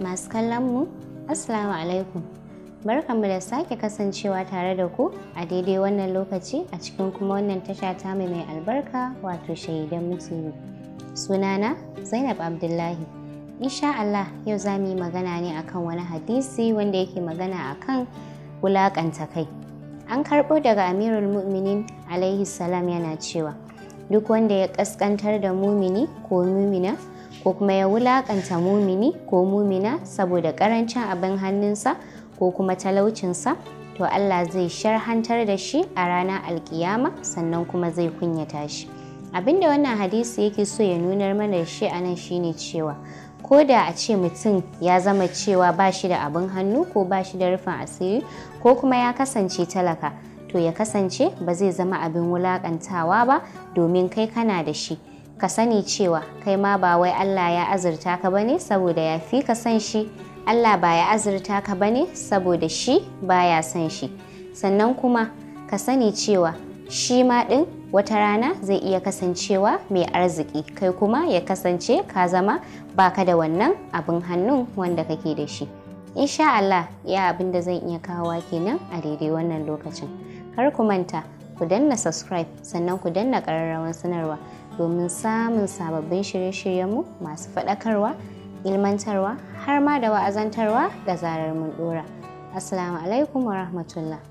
masu kallon mu assalamu alaikum barkanmu da sake kasancewa tare da ku a daidai wannan lokaci a cikin kuma wannan tasha ta mai mai albarka wato shaidan mutane sunana zainab abdullahi insha Allah yau za mu yi magana ne akan wani hadisi wanda yake magana akan wulaƙanta kai an karɓo daga amirul mu'minin alaihi salam yana cewa duk wanda ya ƙasƙantar da mumini ko mumina ko kuma ya wulakanta mumini ko mumina saboda ƙarancin abin hannunsa ko kuma talaucinsa to Allah zai sharhantar da shi a ranar alkiyama sannan kuma zai kunyata shi abinda wannan hadisi yake so ya nunar mana shi a nan shine cewa ko da a ce mutum ya zama cewa ba shi da abin hannu ko ba shi da rufin asiri ko kuma ya kasance talaka to ya kasance ba zai zama abin wulaƙantawa ba domin kai kana da shi ka sani cewa kai ma ba wai Allah ya azurta ka bane saboda ya fi ka san shi Allah ba ya azurta ka bane saboda shi ba ya san shi sannan kuma ka sani cewa shi ma ɗin wata rana zai iya kasancewa mai arziki kai kuma ya kasance ka zama baka da wannan abin hannun wanda kake da shi insha Allah ya abin da zan iya kawowa kenan a daidai wannan lokacin kar ku manta ku danna subscribe sannan ku danna ƙararrawar sanarwa domin samun sababbin shirye-shiryenmu masu faɗakarwa, ilmantarwa har ma da wa'azantarwa da zarar mun ɗora. Assalamu alaikum wa rahmatullah.